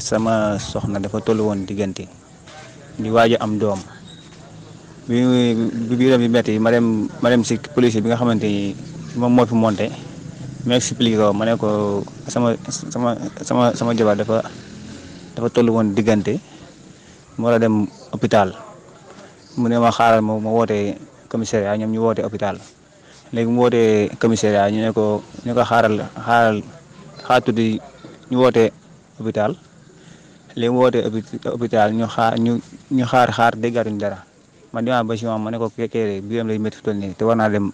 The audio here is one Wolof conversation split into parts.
sama soxna dafa toll woon diggante di waaj am doom bi bi biiram bi metti ma dem si policier bi nga xamante ni moom moo fi monté ma expliqué ko ma ne ko sama sama sama sama jabar dafa dafa toll woon diggante mu war a dem hôpital mu ne ma xaaral ma ma wootee commissariat ñoom ñu wootee hôpital léegi mu wootee commissariat ñu ne ko ñu ko xaaral xaaral xaar tuuti ñu wootee hôpital léegi woote hôpital ñu xaar ñu ñu xaar xaar déggatuñ dara man dima ba ma ne ko kéere biiram lay métti fi toll nii te war naa dem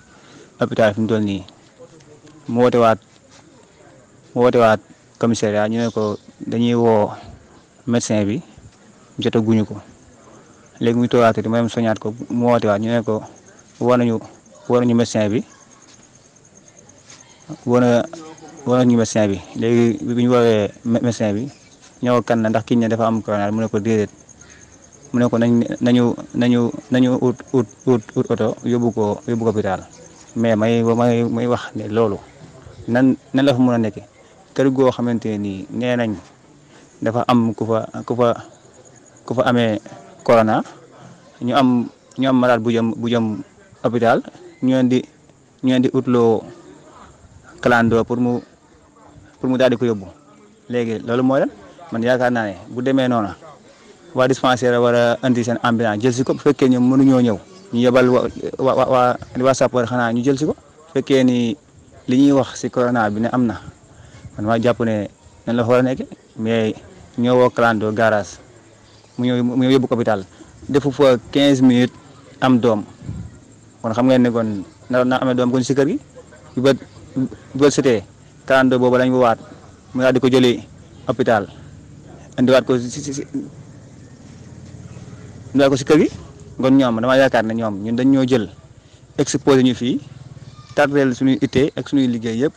hôpital fi mu toll nii mu woote waat mu woote waat commissariat ñu ne ko dañuy woo médecin bi jotaguñu ko léegi mu toogaatee soñaat ko mu woote waat ñu ne ko woo nañu woo nañu médecin bi woo na woo bi léegi bi ñu woowee médecin bi ñoo kan la ndax kiñ ne dafa am corona mu ne ko déedéet mu ne ko nañ nañu nañu nañu ut ut ut ut oto yóbbu ko yóbbu ko hôpital mais may may may wax ne loolu nan nan la fa mën a nekk kër goo xamante nii nee nañ dafa am ku fa ku fa amee corona ñu am ñu am malade bu jëm bu jëm hôpital ñu leen di ñu leen di utloo pour mu pour mu daal di ko yóbbu loolu mooy lan man yaakaar naa ne bu demee noona waa dispensaire war a indi seen ambulance jël si ko bu fekkee ñoom mënuñoo ñëw ñu yebal wa waa waa sapeur xanaa ñu jël si ko fekkee ni li ñuy wax si corona bi ne am na man maa jàpp ne nan la a nekkee mais ñoo woo clando garage mu ñëw mu ñëw yóbbu hôpital defu fa 15 minutes am doom kon xam ngeen ne kon naroon naa amee doom kon si kër gi bu bët bu bët setee clando boobu waat mu daal ko jëlee hôpital. indiwaat ko si si indiwaat ko si kër gi kon ñoom dama yaakaar ne ñoom ñun dañ ñoo jël exposé ñu fii tardeel suñuy ittee ak suñuy liggéey yëpp